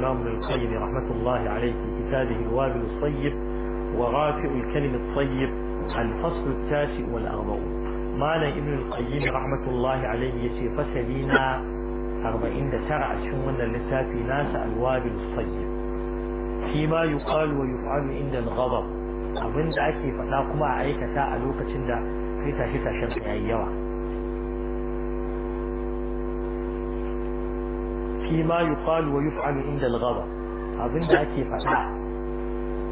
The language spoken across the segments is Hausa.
الإمام ابن القيم رحمة الله عليه في كتابه الوابل الصيب وغافئ الكلم الطيب الفصل التاسع والأربعون مالا ابن القيم رحمة الله عليه يسي فسلينا أربعين ترع شمنا لتافي ناس الوابل الصيب فيما يقال ويفعل عند الغضب أبن فلا فتاكما عليك تاء لوكة فتا تاشي أيوه fi ma yuqalu wa yuf'alu inda al-ghadab Abinda ake faɗa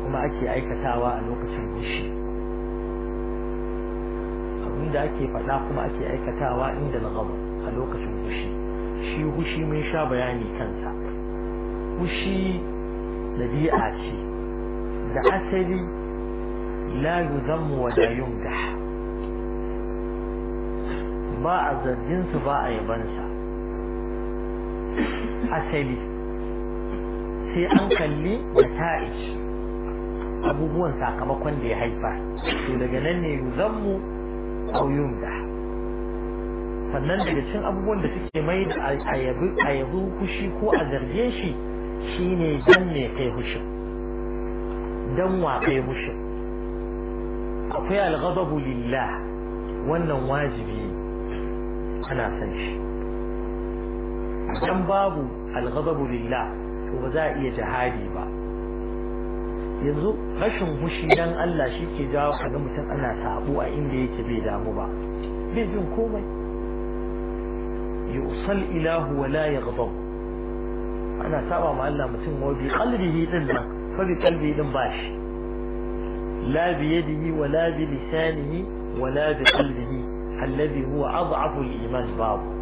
kuma ake aikatawa a lokacin fushi abinda ake faɗa kuma ake aikatawa inda al-ghadab a lokacin fushi shi hushi mun sha bayani kansa hushi dabi'a ce da asali la yuzammu wa la yumdah ba a zargin su ba a yabansa asali sai an kalli nata'ij abubuwan sakamakon da ya haifa to daga nan ne yuzammu aw yumda sannan daga cin abubuwan da suke mai da a yabu kushi ko a zarge shi shine dan ne kai hushin dan wa kai hushin akwai al-ghadabu lillah wannan wajibi ana san shi idan babu alghadabu lillah to ba za iya jihadi ba yanzu rashin hushi dan Allah shi ke jawo kaga mutum ana sabo a inda yake bai damu ba bai jin komai yusal ilahu wa la yaghdab ana saba ma Allah mutum wa bi qalbihi din nan fa bi qalbi din bashi la bi yadihi wa la bi lisanihi wa la bi qalbihi alladhi huwa adhafu al-iman babu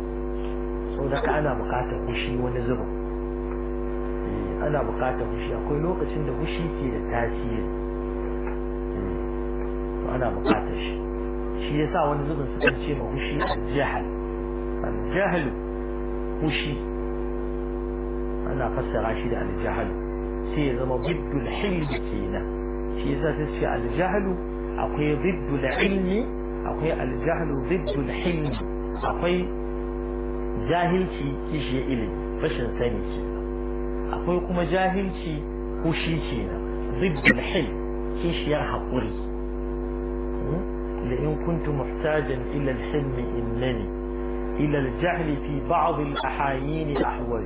sau da ana bukatar gushi wani zubin ana bukatar gushi akwai lokacin da gushi ke da tasiri to ana bukatar shi shi yasa wani zubin sukan ce ma fushi aljahal aljahalu gushi ana fassara shi da al aljahalu shi ya zama biddul hilmi kenan shi yasa sai ce aljahalu akwai biddul ilmi akwai al aljahalu biddul hilmi akwai jahilci kishi ilimi rashin sani ce akwai kuma jahilci hushi ce na zibbul hil kishiyar haƙuri لئن كنت محتاجا إلى الحلم إنني إلى الجهل في بعض الأحايين أحوج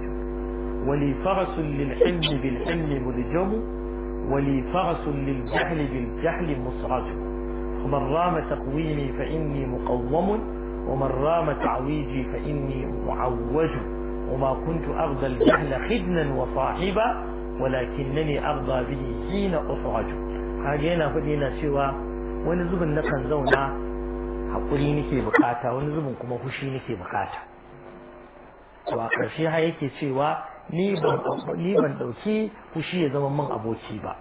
ولي فرس للحلم بالحلم ملجم ولي فرس للجهل بالجهل مصرج ومن رام تقويمي فإني مقوم ومن رام تعويجي فإني معوج وما كنت أرضى الجهل خدنا وصاحبا ولكنني أرضى به حين أصعج هاجينا فدينا سوى ونزب النقن زونا حقولي نكي بقاتا ونزب كما خشي نكي بقاتا وقرشي هايكي سوى ni ban ɗauki fushi من zama man aboki ba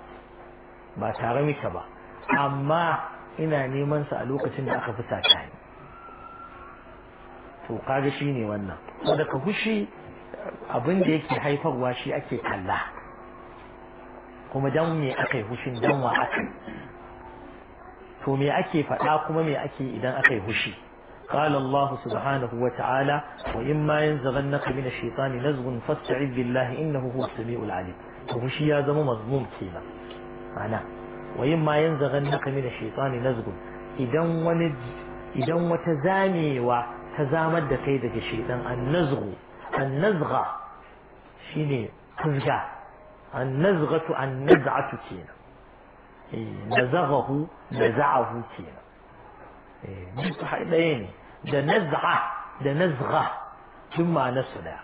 كبا أما إنا نيمن سألوكتن أخفتا كان to kaga shine wannan wannan ka hushi abin da yake haifarwa shi ake kalla kuma dan me akai hushin dan wa akai to me ake fada kuma me ake idan aka yi قال الله سبحانه وتعالى وإما ينزغنك من الشيطان نزغ فاستعذ بالله إنه هو السميع العليم وهشي يا زمو مضموم كينا معنى وإما ينزغنك من الشيطان نزغ إذا ونج إذا وتزاني تزامد دا كيدا كشي النزغ النزغة شيني تزغى النزغة النزعة كينا نزغه نزعه كينا بيتو حق ديني دا نزعة دا نزغة ثم نسلع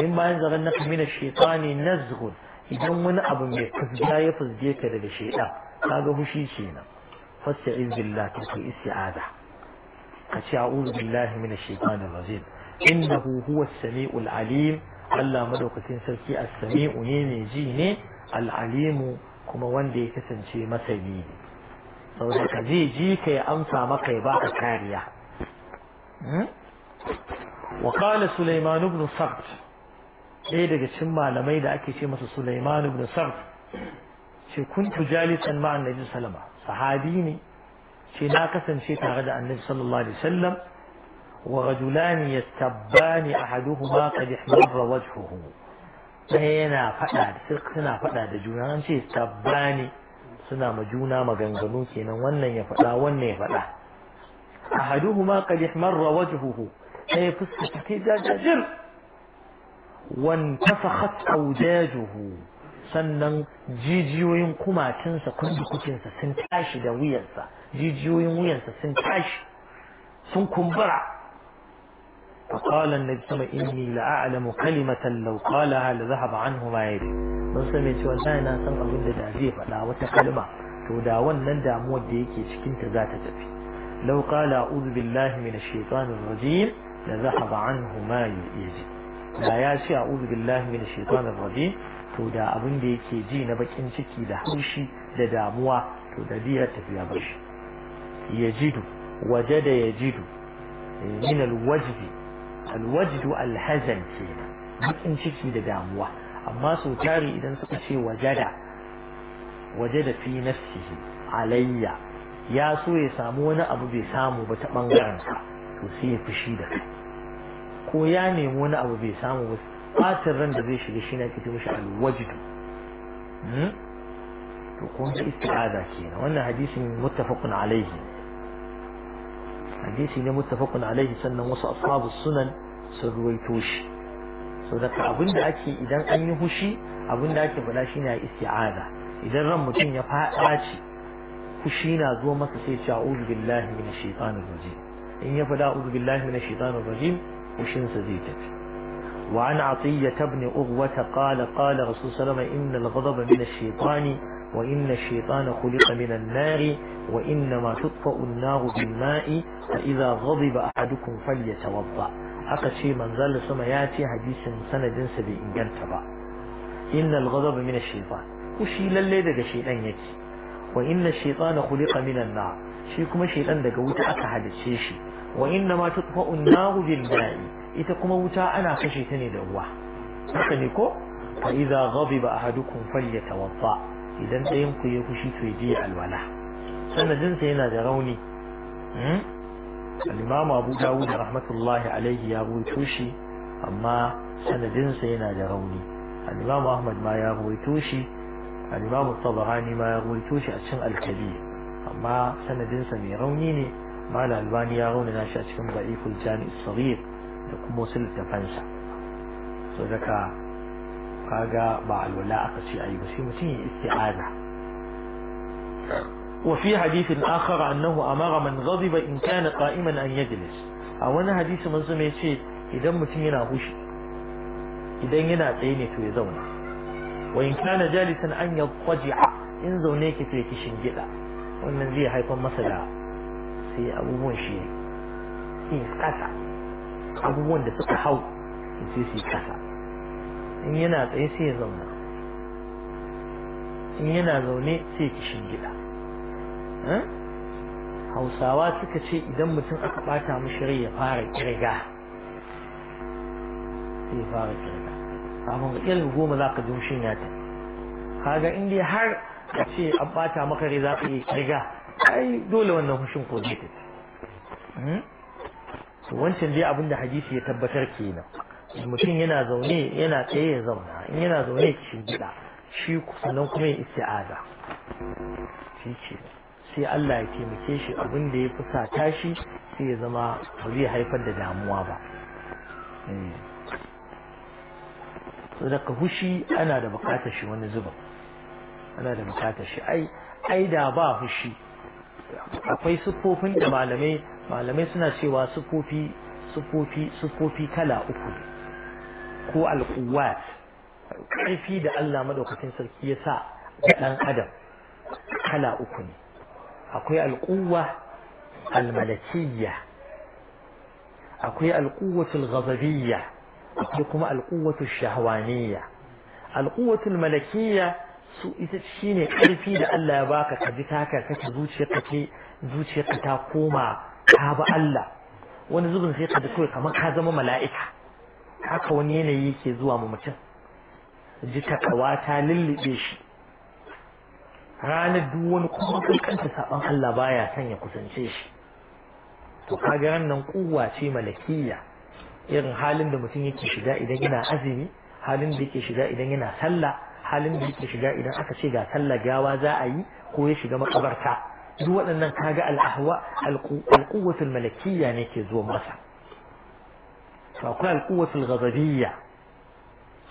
إما أنزغ أنك من الشيطان نزغ إذا من أبو مي تزغى يفزجيك دا هذا هو شي كينا فاستعذ بالله تلقي استعاذة أتي أعوذ بالله من الشيطان الرجيم إنه هو السميع العليم ألا مدوك تنسلكي السميع نيني العليم كما واندي كسنشي مسيني صوتك جي جي كي أمسى مقي باك كاريا وقال سليمان بن صغت إيه دقى شما لميدا أكي شما سليمان بن صغت شو كنت جالسا مع النبي صلى الله عليه وسلم صحابيني شناكة شتا غدا النبي صلى الله عليه وسلم ورجلان يتبان أحدهما قد احمر وجهه هنا فتا سرق سنا فتا دجونا انشي يتباني سنا مجونا مغنغنون كينا وانا يفتا ونن يفتا أحدهما قد احمر وجهه هي فسكت كيدا جاجر وانتفخت أوداجه سنن جيجي كما تنسى كل كتنسى سنتاشي دويا سنتاشي jijiyoyin wuyansa sun tashi sun kumbura فقال النبي sama الله عليه وسلم إني لأعلم كلمة لو قالها لذهب عنه ما يدري من cewa sai na san abin da zai faɗa wata kalma to da wannan damuwar da yake cikinta za ta tafi law qala a'udhu billahi minash shaitanir rajim la zahaba anhu ya yaji da ya ce a'udhu billahi na shaitanir rajim to da abin da yake ji na bakin ciki da haushi da damuwa to da biya tafiya bashi yajidu wajada yajidu eh, min alwajdi alwajdu alhazan kenan bakin ciki da damuwa amma sau tari idan suka ce wajada wajada fi nafsihi alayya ya so ya samu wani abu bai samu ba ta bangaren ka to sai ya fushi da kai ko ya nemi wani abu bai samu ba fatin ran da zai shiga shi na fito mashi alwajdu hmm? to kuma ji isti'aza kenan wannan hadisin muttafaqun alaihi hadisi ne muttafaqun alaihi sannan wasu ashabu sunan sun ruwaito shi so daga abinda ake idan an yi hushi abinda ake faɗa shine a isti'aza idan ran mutum ya faɗa ce hushi na zo masa sai ce a'udhu billahi minash shaitanir rajim in ya faɗa a'udhu billahi minash shaitanir rajim hushin sa zai tafi وعن عطية بن أغوة قال قال رسول صلى الله عليه وسلم إن الغضب من الشيطان وإن الشيطان خلق من النار وإنما تطفأ النار بالماء فإذا غضب أحدكم فليتوضا حقا شيء من ظل سما حديث سند سبي إن تبا إن الغضب من الشيطان وشي للي دقى شيطان يكي وإن الشيطان خلق من النار شيء كما شيطان دقى وتا أكا حد الشيشي وإنما تطفأ النار بالماء إذا كما وتا أنا كشيطاني دقوا حقا نيكو فإذا غضب أحدكم فليتوضا idan ɗayan ku ya kushi to je alwala sannan sanadinsa yana da rauni al-imam abu dawud rahmatullahi alaihi ya ruwaito shi amma sanadinsa yana da rauni al-imam ahmad ma ya ruwaito shi al-imam tabarani ma ya ruwaito shi a cikin al-kabir amma sanadinsa mai rauni ne mala albani ya rauni na shi a cikin da'iful jami'is saghir da kuma sulh da fansa so daga kaga ba alwala aka ce ayi ba sai mutum ya isti'aza wa fi hadithin akhar annahu amara man ghadiba in kana qa'iman an yajlis a wani hadisi mun zama ce idan mutum yana hushi idan yana tsaye ne to ya zauna wa in kana jalisan an yaqji'a in zaune ki to ki shingida wannan zai haifar masa da sai abubuwan shi ne kasa abubuwan da suka hau sai su kasa in yana tsaye sai ya zauna in yana zaune sai ya kishin gida eh? hausawa suka ce idan mutum aka bata mashi rai ya fara kirga sai ya fara kirga abin da irin goma za ka jumshin ya ta kaga in dai har ka ce an bata maka rai za ka yi kirga ai dole wannan hushin ko zai tafi hmm? wancan dai abin da hadisi ya tabbatar kenan mutum yana zaune yana tsaye ya zauna in yana zaune ci gida shi sannan kuma ya aza shi ce sai Allah ya taimake shi abin da ya sa tashi sai ya zama ba zai haifar da damuwa ba eh. so daga hushi ana da bukatar shi wani zuba ana da bukatar shi ai ai da ba hushi akwai siffofin da malamai malamai suna cewa siffofi siffofi siffofi kala uku ne ko alquwat ƙarfi da Allah madaukakin sarki ya sa ga ɗan adam kala uku ne akwai alquwa almalakiyya akwai alquwatul ghadabiyya akwai kuma alquwatul shahwaniyya alquwatul malakiyya su ita shine ƙarfi da Allah ya baka ka ji taka kake zuciyarka ce zuciyarka ta koma ka ba Allah wani zubin sai ka ji kawai kamar ka zama mala'ika haka wani yanayi yake zuwa mu mutum ji takawa ta lullube shi ranar duk wani kuma kankanta saban Allah baya san ya kusance shi to kaga nan kuwa ce malakiya irin halin da mutum yake shiga idan yana azumi halin da yake shiga idan yana sallah halin da yake shiga idan aka ce ga sallah gawa za a yi ko ya shiga makabarta duk waɗannan kaga al-ahwa al-quwwatul malakiyya ne ke zuwa masa to akwai al'uwatul ghadabiyya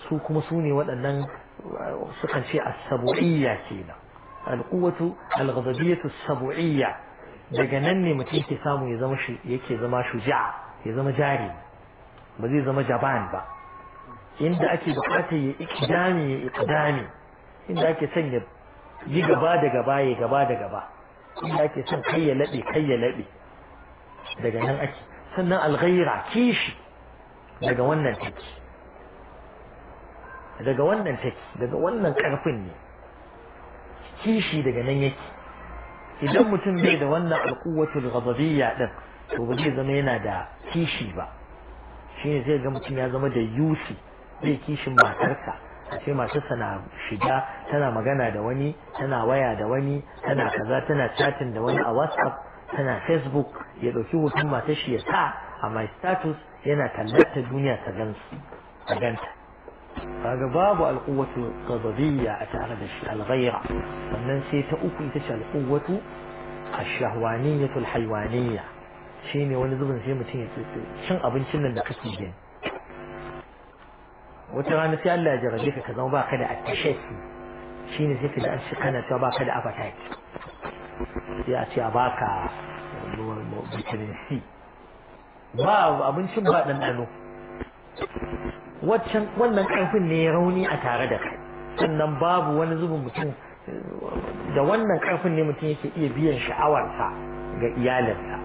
su kuma su ne waɗannan sukan ce as-sabu'iyya kenan al'uwatu al-ghadabiyyatu as-sabu'iyya daga nan ne mutum ke samu ya zama shi yake zama shuja'a ya zama jari ba zai zama jaban ba inda ake bukata ya ikidami ya ikidami inda ake son ya yi gaba da gaba ya gaba da gaba inda ake son kai ya laɓe kai ya laɓe daga nan ake sannan alghaira kishi daga wannan take daga wannan take daga wannan karfin ne kishi daga nan yake idan mutum bai da wannan alquwatul ghadabiyya din to ba zai zama yana da kishi ba shine zai ga mutum ya zama da yusi zai kishin matarsa a ce matarsa na shiga tana magana da wani tana waya da wani tana kaza tana chatting da wani a whatsapp tana facebook ya dauki hoton matar shi ya sa a my status yana tallata duniya ta gansu a ganta kaga babu alquwwatu qadabiyya a tare da shi alghayra wannan sai ta uku ita ce alquwwatu ashahwaniyatu alhayawaniyya shine wani zubin sai mutum ya tsitsi cin abincin nan da kake gani wata rana sai Allah ya jarabe ka ka zama baka da attashafi shine sai ka da shi ci kana cewa baka da appetite sai a ce a baka vitamin C ba abincin ba ɗanɗano waccan wannan ƙarfin ne ya rauni a tare da kai sannan babu wani zubin mutum da wannan ƙarfin ne mutum yake iya biyan sha'awarsa ga iyalinsa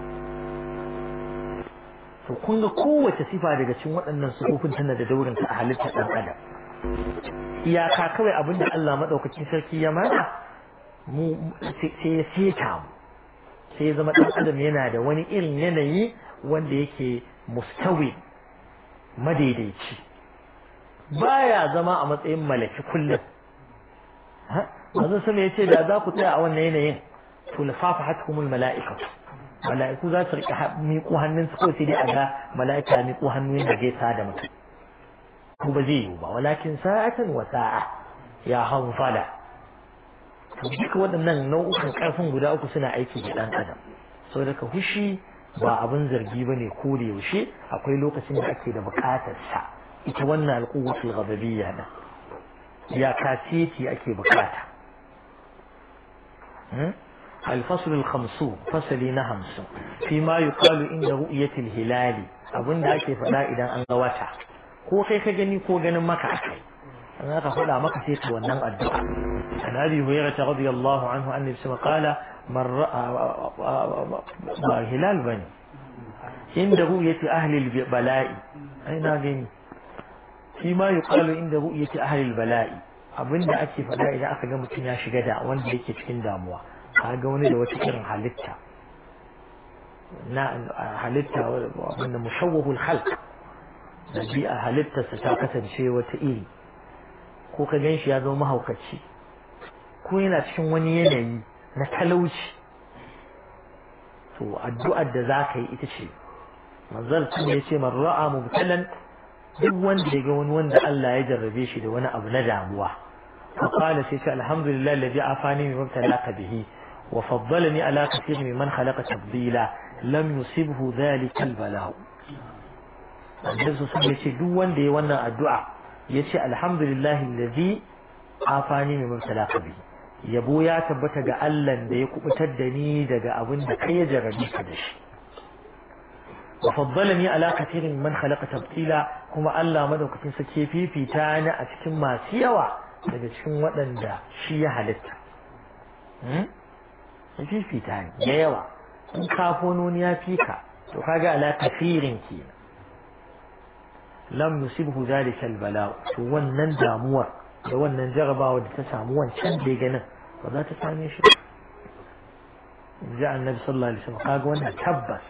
to kun ga kowace sifa daga cikin waɗannan sukukun tana da daurin a halittar ɗan adam iyaka kawai abin da Allah maɗaukaci sarki ya mana mu sai ya seta mu sai ya zama ɗan adam yana da wani irin yanayi wanda yake mustawi madaidaici baya zama a matsayin malaki kullum manzon sama ce da za ku tsaya a wannan yanayin to hatkumul mala'ika mala'iku za su rika miƙo hannun su ko sai dai a ga mala'ika miƙo hannu yadda gaisa da mutum ko ba zai yiwu ba walakin sa'atan wa sa'a ya hanfala to duka waɗannan nau'ukan ƙarfin guda uku suna aiki da ɗan adam saboda ka hushi ba abin zargi ba ne ko da yaushe akwai lokacin da ake da bukatar sa ita wannan ga alkukin ya da ce ake bukata hmm? alfaslul khamsu fasali na hamsi kimayi kwalu in da ru'u yatil hilali abin da ake faɗa idan an ga wata ko kai ka gani ko ganin maka a kai in aka faɗa maka sai ka wannan addu'a an abi hurairah radiyallahu anhu annabi sama qala man ba hilal bane inda ru'yati ahli al-bala'i inda ru'yati ahli al-bala'i abinda ake faɗa idan aka ga mutum ya shiga da wanda yake cikin damuwa ka ga wani da wata irin halitta na halitta wanda mushawwahul khalq dabi'a halittarsa ta kasance wata iri ko ka gan shi ya zo mahaukaci ko yana cikin wani yanayi na talauci to addu'ar da za ka yi ita ce manzal sun ya ce man ra'a mubtalan duk wanda ya ga wani wanda Allah ya jarrabe shi da wani abu na damuwa fa qala sai ce alhamdulillah alladhi afani min mubtalaka bihi wa faddalani ala kathir man khalaqa tabdila lam yusibhu dhalika albala'u annabi sun ce duk wanda ya wannan addu'a Ya ce alhamdulillahi allazi afani mai mubtalaka bihi yabo ya tabbata ga Allah da ya kubutar da ni daga abin da kai ya jarabe ka da shi wa faddalani ala kathirin man khalaqa tabtila kuma Allah madaukakin sa ke fifita ni a cikin masu yawa daga cikin waɗanda shi ya halitta hmm? ya fifita ni da yawa in kafononi ya ka, to kaga ala kenan لم يصيبه ذلك البلاء تون نندا موا تون ننجغ باود تسع موا شندي جنا فلا تسع ميشي جاء النبي صلى الله عليه وسلم قاق وانا تبس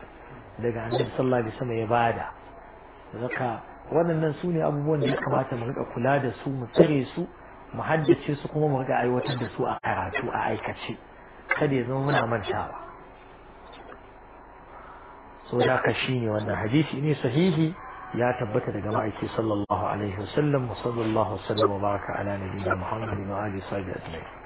لقى النبي صلى الله عليه وسلم يبادا ذكا وانا ننسوني ابو بوان دي كماتا مغلقا كلادا سو مطري سو محدد شي سو كمو مغلقا ايوة تدسو اقراتو اعيكا شي خدي زمان من عمان شابا سو ذاك الشيني وانا حديثي اني صحيحي ya tabbata daga ma'aiki sallallahu alaihi wasallam wa sallallahu wasallam wa baraka ala nabiyina muhammadin wa alihi sahbihi ajma'in